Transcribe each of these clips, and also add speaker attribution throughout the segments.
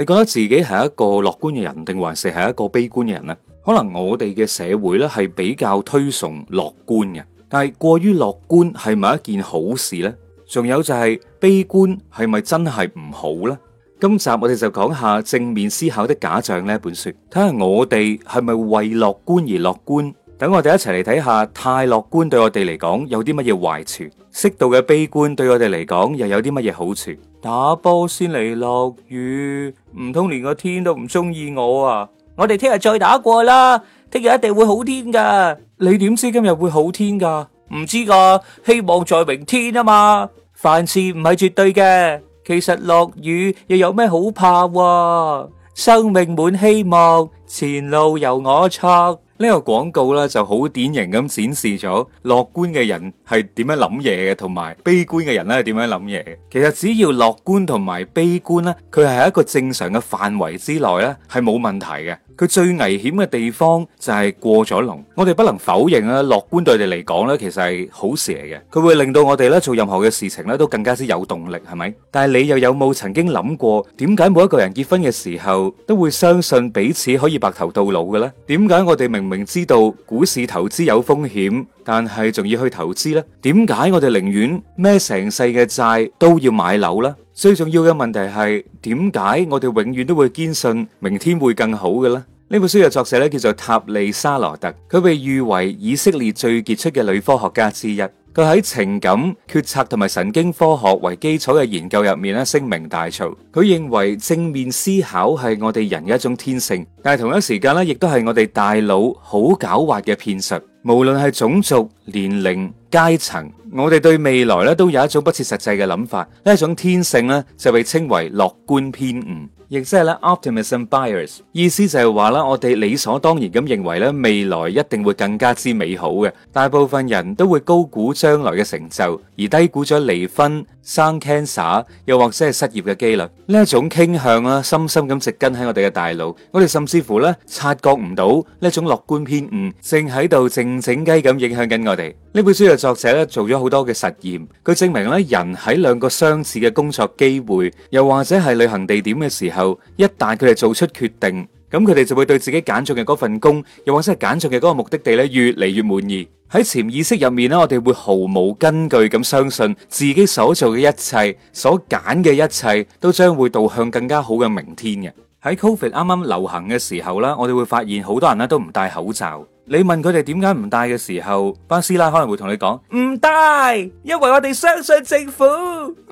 Speaker 1: 你覺得自己係一個樂觀嘅人，定還是係一個悲觀嘅人咧？可能我哋嘅社會咧係比較推崇樂觀嘅，但係過於樂觀係咪一件好事呢？仲有就係，悲觀係咪真係唔好呢？今集我哋就講下正面思考的假象呢本書，睇下我哋係咪為樂觀而樂觀？等我哋一齊嚟睇下太樂觀對我哋嚟講有啲乜嘢壞處，適度嘅悲觀對我哋嚟講又有啲乜嘢好處。打波先嚟落雨，唔通連個天都唔中意我啊！我哋聽日再打過啦，聽日一定會好天噶。你點知今日會好天噶？唔知噶，希望在明天啊嘛。凡事唔係絕對嘅，其實落雨又有咩好怕喎啊？生命滿希望，前路由我策。呢個廣告咧就好典型咁展示咗樂觀嘅人係點樣諗嘢嘅，同埋悲觀嘅人咧係點樣諗嘢嘅。其實只要樂觀同埋悲觀咧，佢係一個正常嘅範圍之內咧，係冇問題嘅。佢最危險嘅地方就係過咗龍，我哋不能否認啊！樂觀對你嚟講咧，其實係好事嚟嘅，佢會令到我哋咧做任何嘅事情咧都更加之有動力，係咪？但係你又有冇曾經諗過點解每一個人結婚嘅時候都會相信彼此可以白頭到老嘅咧？點解我哋明明知道股市投資有風險，但係仲要去投資呢？點解我哋寧願咩成世嘅債都要買樓呢？最重要嘅問題係點解我哋永遠都會堅信明天會更好嘅呢？呢本書嘅作者咧叫做塔利沙羅特，佢被譽為以色列最傑出嘅女科學家之一。佢喺情感、決策同埋神經科學為基礎嘅研究入面咧，聲名大噪。佢認為正面思考係我哋人嘅一種天性，但係同一時間呢，亦都係我哋大腦好狡猾嘅騙術。無論係種族、年齡、階層，我哋對未來咧都有一種不切實際嘅諗法，呢一種天性咧就被稱為樂觀偏誤，亦即係咧 optimism bias，意思就係話啦，我哋理所當然咁認為咧未來一定會更加之美好嘅，大部分人都會高估將來嘅成就，而低估咗離婚。生 cancer 又或者係失業嘅幾率，呢一種傾向啦，深深咁植根喺我哋嘅大腦，我哋甚至乎呢察覺唔到呢一種樂觀偏誤，正喺度靜靜雞咁影響緊我哋。呢本 書嘅作者呢做咗好多嘅實驗，佢證明呢人喺兩個相似嘅工作機會，又或者係旅行地點嘅時候，一旦佢哋做出決定。咁佢哋就會對自己揀中嘅嗰份工，又或者係揀中嘅嗰個目的地咧，越嚟越滿意。喺潛意識入面咧，我哋會毫無根據咁相信自己所做嘅一切，所揀嘅一切都將會導向更加好嘅明天嘅。喺 Covid 啱啱流行嘅時候啦，我哋會發現好多人咧都唔戴口罩。你問佢哋點解唔戴嘅時候，班師奶可能會同你講：唔戴，因為我哋相信政府；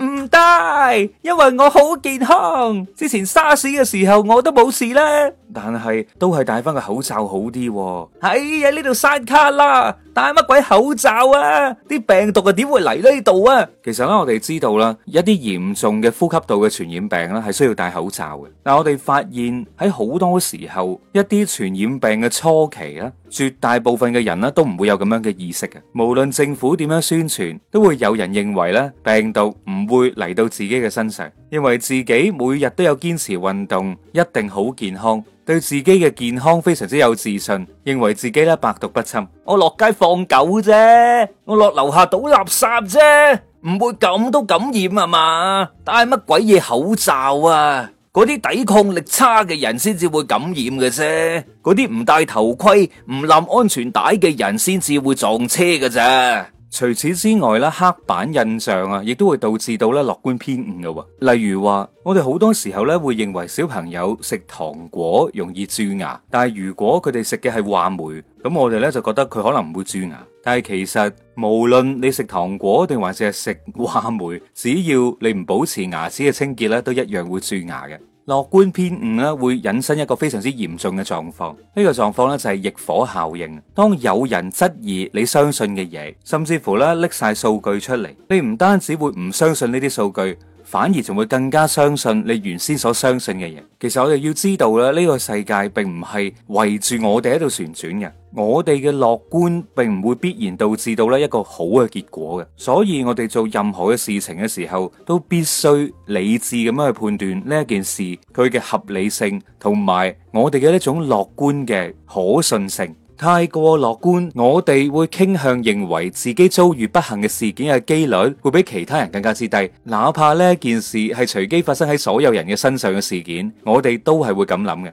Speaker 1: 唔戴，因為我好健康。之前沙士嘅時候我都冇事啦。但係都係戴翻個口罩好啲喎。哦。哎呀，呢度山卡啦，戴乜鬼口罩啊？啲病毒啊，點會嚟呢度啊？其實咧，我哋知道啦，一啲嚴重嘅呼吸道嘅傳染病咧，係需要戴口罩嘅。但我哋發現喺好多時候，一啲傳染病嘅初期咧，絕大部分嘅人咧都唔會有咁樣嘅意識嘅。無論政府點樣宣傳，都會有人認為咧，病毒唔會嚟到自己嘅身上。認為自己每日都有堅持運動，一定好健康，對自己嘅健康非常之有自信。認為自己呢，百毒不侵。我落街放狗啫，我落樓下倒垃圾啫，唔會咁都感染吖嘛？戴乜鬼嘢口罩啊？嗰啲抵抗力差嘅人先至會感染嘅啫。嗰啲唔戴頭盔，唔冧安全帶嘅人先至會撞車噶咋。除此之外咧，刻板印象啊，亦都會導致到咧樂觀偏誤嘅。例如話，我哋好多時候咧會認為小朋友食糖果容易蛀牙，但係如果佢哋食嘅係話梅，咁我哋咧就覺得佢可能唔會蛀牙。但係其實無論你食糖果定還是係食話梅，只要你唔保持牙齒嘅清潔咧，都一樣會蛀牙嘅。樂觀偏誤咧會引申一個非常之嚴重嘅狀況，呢個狀況咧就係逆火效應。當有人質疑你相信嘅嘢，甚至乎咧拎晒數據出嚟，你唔單止會唔相信呢啲數據。反而仲會更加相信你原先所相信嘅嘢。其實我哋要知道啦，呢個世界並唔係圍住我哋喺度旋轉嘅。我哋嘅樂觀並唔會必然導致到呢一個好嘅結果嘅。所以我哋做任何嘅事情嘅時候，都必須理智咁樣去判斷呢一件事佢嘅合理性，同埋我哋嘅呢種樂觀嘅可信性。太過樂觀，我哋會傾向認為自己遭遇不幸嘅事件嘅幾率會比其他人更加之低，哪怕呢件事係隨機發生喺所有人嘅身上嘅事件，我哋都係會咁諗嘅。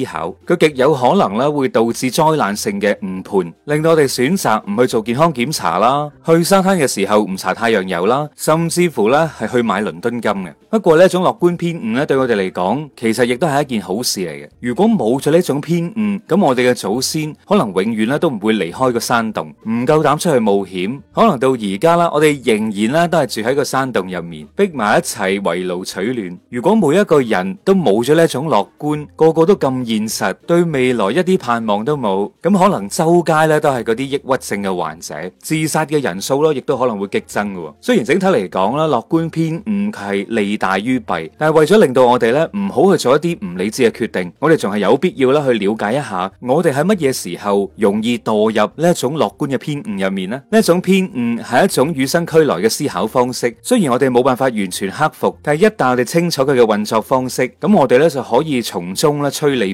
Speaker 1: 思考佢極有可能咧會導致災難性嘅誤判，令到我哋選擇唔去做健康檢查啦，去沙灘嘅時候唔搽太陽油啦，甚至乎咧係去買倫敦金嘅。不過呢一種樂觀偏誤咧，對我哋嚟講，其實亦都係一件好事嚟嘅。如果冇咗呢一種偏誤，咁我哋嘅祖先可能永遠咧都唔會離開個山洞，唔夠膽出去冒險。可能到而家啦，我哋仍然咧都係住喺個山洞入面，逼埋一齊圍爐取暖。如果每一個人都冇咗呢一種樂觀，個個都咁熱。現實，對未來一啲盼望都冇，咁可能周街咧都係嗰啲抑鬱症嘅患者，自殺嘅人數咯，亦都可能會激增嘅。雖然整體嚟講咧，樂觀偏誤係利大於弊，但係為咗令到我哋咧唔好去做一啲唔理智嘅決定，我哋仲係有必要咧去了解一下，我哋喺乜嘢時候容易墮入呢一種樂觀嘅偏誤入面咧？呢一種偏誤係一種與生俱來嘅思考方式，雖然我哋冇辦法完全克服，但係一旦我哋清楚佢嘅運作方式，咁我哋咧就可以從中咧趨利，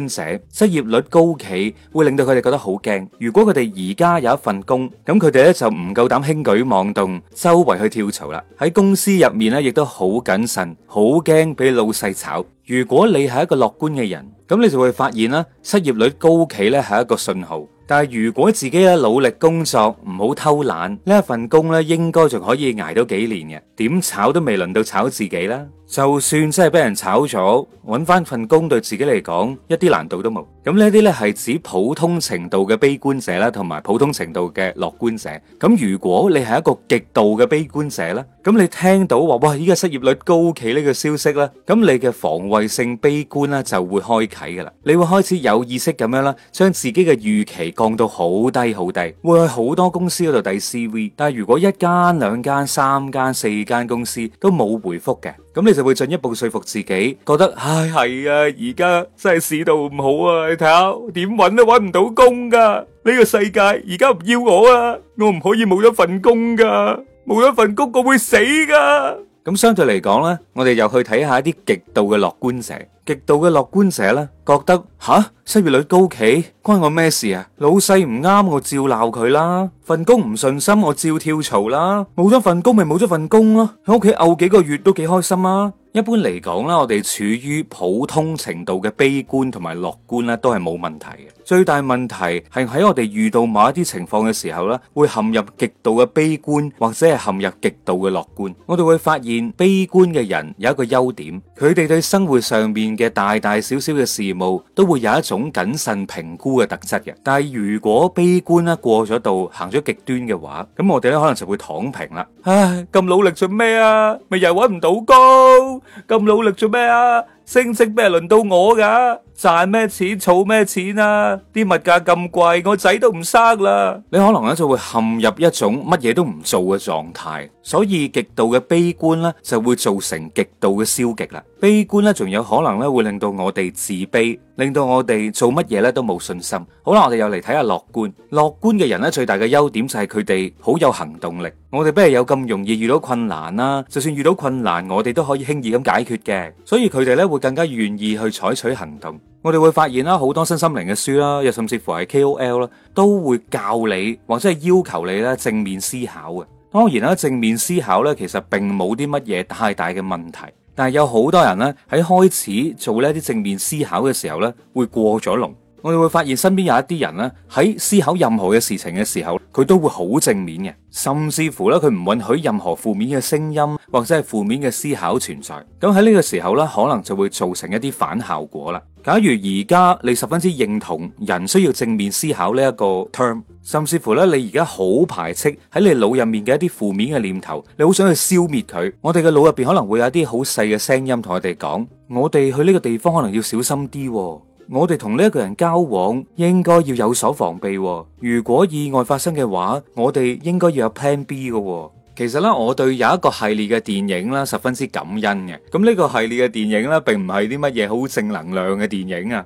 Speaker 1: 失業率高企，會令到佢哋覺得好驚。如果佢哋而家有一份工，咁佢哋呢就唔夠膽輕舉妄動，周圍去跳槽啦。喺公司入面呢，亦都好謹慎，好驚俾老細炒。如果你係一個樂觀嘅人，咁你就會發現啦，失業率高企咧係一個信號。但係如果自己咧努力工作，唔好偷懶，呢一份工咧應該仲可以捱到幾年嘅，點炒都未輪到炒自己啦。就算真係俾人炒咗，揾翻份工對自己嚟講一啲難度都冇。咁呢啲咧係指普通程度嘅悲觀者啦，同埋普通程度嘅樂觀者。咁如果你係一個極度嘅悲觀者咧？咁你聽到話哇，依家失業率高企呢個消息咧，咁你嘅防衛性悲觀咧就會開啟嘅啦，你會開始有意識咁樣啦，將自己嘅預期降到好低好低，會去好多公司嗰度遞 CV。但係如果一間兩間三間四間公司都冇回覆嘅，咁你就會進一步說服自己，覺得唉，係啊，而家真係市道唔好啊，你睇下點揾都揾唔到工噶，呢個世界而家唔要我啊，我唔可以冇咗份工噶。冇咗份工，我會死噶。咁相對嚟講呢，我哋又去睇下一啲極度嘅樂觀者，極度嘅樂觀者呢，覺得吓、啊、失業率高企，關我咩事啊？老細唔啱，我照鬧佢啦。份工唔順心，我照跳槽啦。冇咗份、份、啊、工，咪冇咗份工咯。喺屋企漚幾個月都幾開心啊。一般嚟講啦，我哋處於普通程度嘅悲觀同埋樂觀呢，都係冇問題嘅。最大問題係喺我哋遇到某一啲情況嘅時候咧，會陷入極度嘅悲觀，或者係陷入極度嘅樂觀。我哋會發現悲觀嘅人有一個優點，佢哋對生活上面嘅大大小小嘅事務都會有一種謹慎評估嘅特質嘅。但係如果悲觀咧過咗度，行咗極端嘅話，咁我哋咧可能就會躺平啦。唉，咁努力做咩啊？咪又揾唔到工，咁努力做咩啊？升職咩係輪到我㗎？賺咩錢儲咩錢啊？啲物價咁貴，我仔都唔生啦。你可能咧就會陷入一種乜嘢都唔做嘅狀態，所以極度嘅悲觀咧就會造成極度嘅消極啦。悲觀咧仲有可能咧會令到我哋自卑。令到我哋做乜嘢咧都冇信心。好啦，我哋又嚟睇下樂觀。樂觀嘅人咧，最大嘅優點就係佢哋好有行動力。我哋唔係有咁容易遇到困難啦，啊，就算遇到困難，我哋都可以輕易咁解決嘅。所以佢哋咧會更加願意去採取行動。我哋會發現啦，好多身心靈嘅書啦，又甚至乎係 KOL 啦，都會教你或者係要求你咧正面思考嘅。當然啦，正面思考咧其實並冇啲乜嘢太大嘅問題。但係有好多人咧喺開始做呢啲正面思考嘅時候咧，會過咗龍。我哋會發現身邊有一啲人咧，喺思考任何嘅事情嘅時候，佢都會好正面嘅，甚至乎咧佢唔允許任何負面嘅聲音或者係負面嘅思考存在。咁喺呢個時候咧，可能就會造成一啲反效果啦。假如而家你十分之認同人需要正面思考呢一個 term，甚至乎咧你而家好排斥喺你腦入面嘅一啲負面嘅念頭，你好想去消滅佢。我哋嘅腦入邊可能會有一啲好細嘅聲音同我哋講：我哋去呢個地方可能要小心啲喎。我哋同呢一個人交往，應該要有所防備喎。如果意外發生嘅話，我哋應該要有 Plan B 嘅喎。其實咧，我對有一個系列嘅電影咧，十分之感恩嘅。咁呢個系列嘅電影咧，並唔係啲乜嘢好正能量嘅電影啊。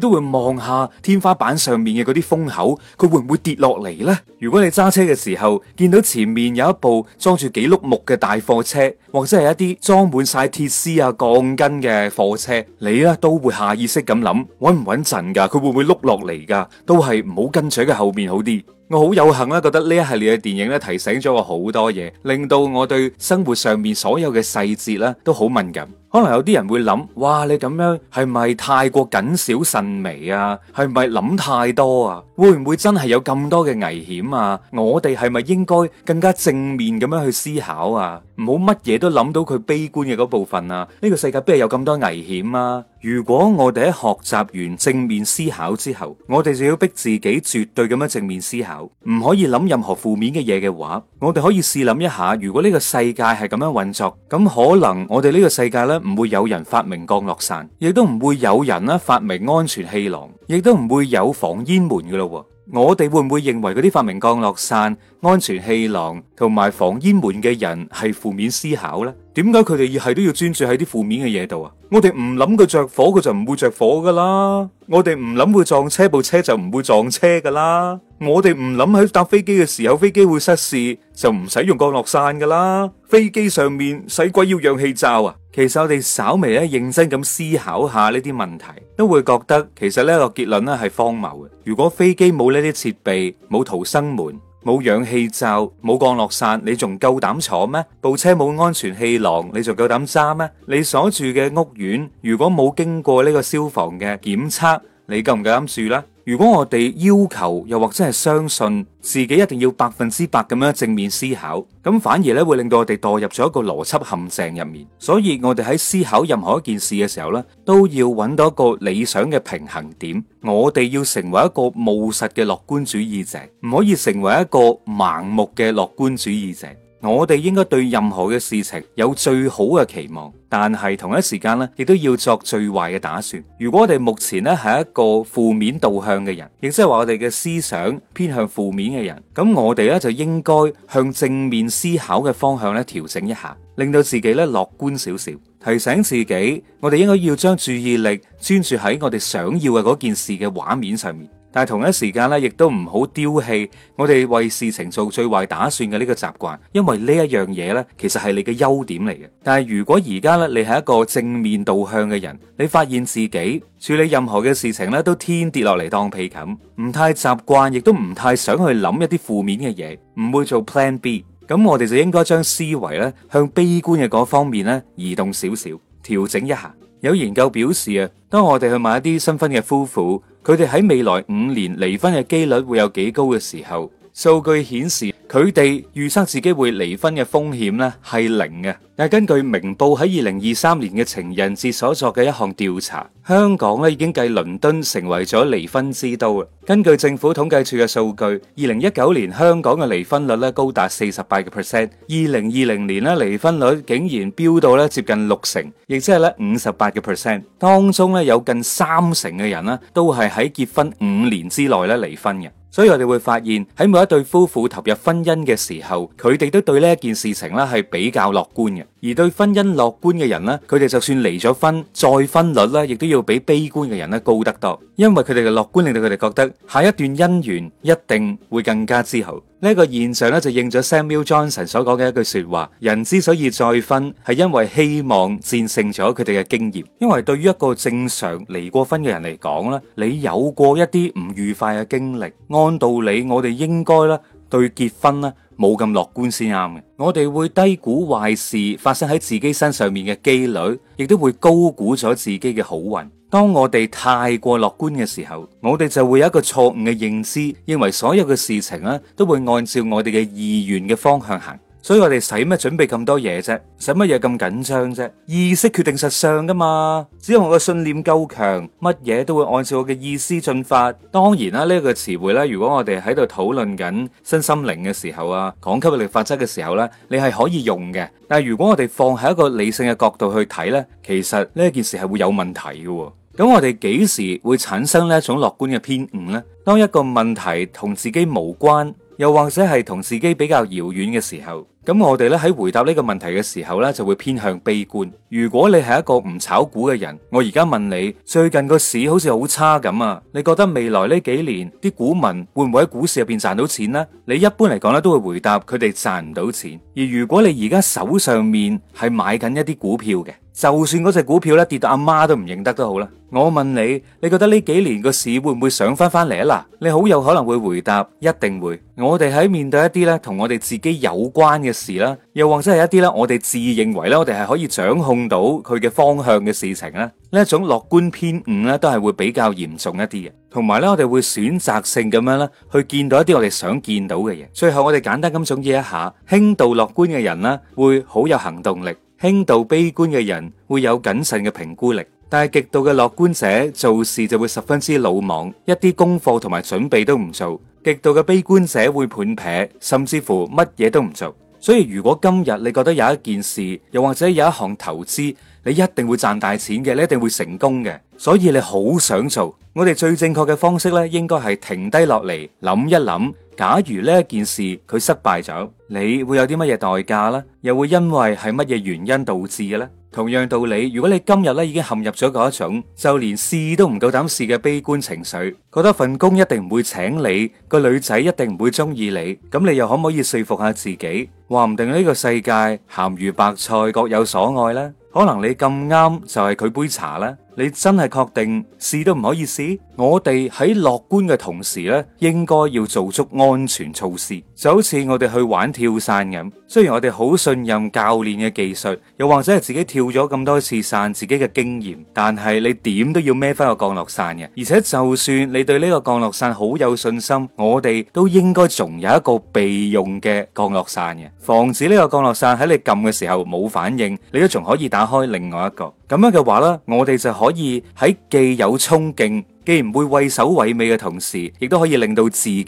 Speaker 1: 都會望下天花板上面嘅嗰啲風口，佢會唔會跌落嚟呢？如果你揸車嘅時候見到前面有一部裝住幾碌木嘅大貨車，或者係一啲裝滿晒鐵絲啊鋼筋嘅貨車，你咧都會下意識咁諗穩唔穩陣噶？佢會唔會碌落嚟噶？都係唔好跟住佢後面好啲。我好有幸啦，覺得呢一系列嘅電影咧，提醒咗我好多嘢，令到我對生活上面所有嘅細節咧都好敏感。可能有啲人會諗：哇，你咁樣係咪太過謹小慎微啊？係咪諗太多啊？會唔會真係有咁多嘅危險啊？我哋係咪應該更加正面咁樣去思考啊？唔好乜嘢都諗到佢悲觀嘅嗰部分啊？呢個世界邊係有咁多危險啊？如果我哋喺學習完正面思考之後，我哋就要逼自己絕對咁樣正面思考，唔可以諗任何負面嘅嘢嘅話，我哋可以試諗一下，如果呢個世界係咁樣運作，咁可能我哋呢個世界呢唔會有人發明降落傘，亦都唔會有人啦發明安全氣囊，亦都唔會有防煙門噶咯。我哋會唔會認為嗰啲發明降落傘、安全氣囊同埋防煙門嘅人係負面思考呢？點解佢哋係都要專注喺啲負面嘅嘢度啊？我哋唔諗佢着火，佢就唔會着火㗎啦。我哋唔諗會撞車，部車就唔會撞車㗎啦。我哋唔諗喺搭飛機嘅時候，飛機會失事，就唔使用降落傘噶啦。飛機上面使鬼要氧氣罩啊？其實我哋稍微咧認真咁思考下呢啲問題，都會覺得其實呢個結論呢係荒謬嘅。如果飛機冇呢啲設備，冇逃生門，冇氧氣罩，冇降落傘，你仲夠膽坐咩？部車冇安全氣囊，你仲夠膽揸咩？你所住嘅屋苑如果冇經過呢個消防嘅檢測。你夠唔夠膽住啦？如果我哋要求又或者係相信自己一定要百分之百咁樣正面思考，咁反而咧會令到我哋墮入咗一個邏輯陷阱入面。所以我哋喺思考任何一件事嘅時候咧，都要揾到一個理想嘅平衡點。我哋要成為一個務實嘅樂觀主義者，唔可以成為一個盲目嘅樂觀主義者。我哋應該對任何嘅事情有最好嘅期望，但係同一時間咧，亦都要作最壞嘅打算。如果我哋目前咧係一個負面導向嘅人，亦即係話我哋嘅思想偏向負面嘅人，咁我哋咧就應該向正面思考嘅方向咧調整一下，令到自己咧樂觀少少，提醒自己，我哋應該要將注意力專注喺我哋想要嘅嗰件事嘅畫面上面。但係同一時間咧，亦都唔好丟棄我哋為事情做最壞打算嘅呢個習慣，因為呢一樣嘢呢，其實係你嘅優點嚟嘅。但係如果而家呢，你係一個正面導向嘅人，你發現自己處理任何嘅事情呢，都天跌落嚟，當被冚，唔太習慣，亦都唔太想去諗一啲負面嘅嘢，唔會做 Plan B，咁我哋就應該將思維呢向悲觀嘅嗰方面呢移動少少，調整一下。有研究表示啊，當我哋去買一啲新婚嘅夫婦，佢哋喺未來五年離婚嘅機率會有幾高嘅時候，數據顯示，佢哋預測自己會離婚嘅風險咧係零嘅。但根據明報喺二零二三年嘅情人節所作嘅一項調查，香港咧已經繼倫敦成為咗離婚之都啦。根據政府統計處嘅數據，二零一九年香港嘅離婚率咧高達四十八個 percent，二零二零年咧離婚率竟然飆到咧接近六成，亦即係咧五十八個 percent。當中咧有近三成嘅人咧都係喺結婚五年之內咧離婚嘅。所以我哋會發現喺每一對夫婦投入婚姻嘅時候，佢哋都對呢一件事情咧係比較樂觀嘅，而對婚姻樂觀嘅人呢，佢哋就算離咗婚，再婚率呢亦都要比悲觀嘅人咧高得多，因為佢哋嘅樂觀令到佢哋覺得下一段姻緣一定會更加之好。呢一個現象咧，就應咗 Samuel Johnson 所講嘅一句説話：人之所以再婚，係因為希望戰勝咗佢哋嘅經驗。因為對於一個正常離過婚嘅人嚟講咧，你有過一啲唔愉快嘅經歷，按道理我哋應該咧對結婚咧冇咁樂觀先啱嘅。我哋會低估壞事發生喺自己身上面嘅機率，亦都會高估咗自己嘅好運。當我哋太過樂觀嘅時候，我哋就會有一個錯誤嘅認知，認為所有嘅事情咧都會按照我哋嘅意願嘅方向行。所以我哋使乜準備咁多嘢啫？使乜嘢咁緊張啫？意識決定實相噶嘛？只要我嘅信念夠強，乜嘢都會按照我嘅意思進發。當然啦，呢一個詞彙咧，如果我哋喺度討論緊身心靈嘅時候啊，講吸引力法則嘅時候咧，你係可以用嘅。但係如果我哋放喺一個理性嘅角度去睇咧，其實呢件事係會有問題嘅。咁我哋幾時會產生呢一種樂觀嘅偏誤呢？當一個問題同自己無關，又或者係同自己比較遙遠嘅時候，咁我哋咧喺回答呢個問題嘅時候咧，就會偏向悲觀。如果你係一個唔炒股嘅人，我而家問你最近個市好似好差咁啊，你覺得未來呢幾年啲股民會唔會喺股市入邊賺到錢呢？你一般嚟講咧都會回答佢哋賺唔到錢。而如果你而家手上面係買緊一啲股票嘅。就算嗰隻股票咧跌到阿媽都唔認得都好啦，我問你，你覺得呢幾年個市會唔會上翻翻嚟？啊，嗱，你好有可能會回答，一定會。我哋喺面對一啲咧同我哋自己有關嘅事啦，又或者係一啲咧我哋自認為咧我哋係可以掌控到佢嘅方向嘅事情啦。呢一種樂觀偏誤咧都係會比較嚴重一啲嘅，同埋咧我哋會選擇性咁樣咧去見到一啲我哋想見到嘅嘢。最後我哋簡單咁總結一下，輕度樂觀嘅人咧會好有行動力，輕度悲觀嘅人會有謹慎嘅評估力，但係極度嘅樂觀者做事就會十分之魯莽，一啲功課同埋準備都唔做。極度嘅悲觀者會判劈，甚至乎乜嘢都唔做。所以如果今日你覺得有一件事，又或者有一項投資，你一定會賺大錢嘅，你一定會成功嘅。所以你好想做。我哋最正確嘅方式咧，應該係停低落嚟，諗一諗，假如呢一件事佢失敗咗，你會有啲乜嘢代價呢？又會因為係乜嘢原因導致嘅咧？同樣道理，如果你今日咧已經陷入咗嗰一種就連試都唔夠膽試嘅悲觀情緒，覺得份工一定唔會請你，個女仔一定唔會中意你，咁你又可唔可以說服下自己？話唔定，呢個世界鹹魚白菜各有所愛咧，可能你咁啱就係佢杯茶啦。你真係確定試都唔可以試？我哋喺樂觀嘅同時呢，應該要做足安全措施。就好似我哋去玩跳傘咁，雖然我哋好信任教練嘅技術，又或者係自己跳咗咁多次傘，傘自己嘅經驗，但係你點都要孭翻個降落傘嘅。而且就算你對呢個降落傘好有信心，我哋都應該仲有一個備用嘅降落傘嘅。防止呢個降落傘喺你撳嘅時候冇反應，你都仲可以打開另外一個，咁樣嘅話咧，我哋就可以喺既有衝勁，既唔會畏首畏尾嘅同時，亦都可以令到自己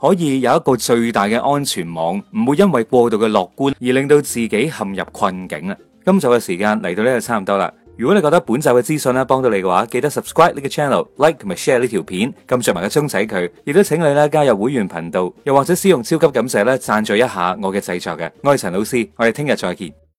Speaker 1: 可以有一個最大嘅安全網，唔會因為過度嘅樂觀而令到自己陷入困境啊！今集嘅時間嚟到呢度就差唔多啦。如果你覺得本集嘅資訊咧幫到你嘅話，記得 subscribe 呢個 channel，like 同埋 share 呢條片，撳着埋個鐘仔佢，亦都請你咧加入會員頻道，又或者使用超級感謝咧贊助一下我嘅製作嘅。我係陳老師，我哋聽日再見。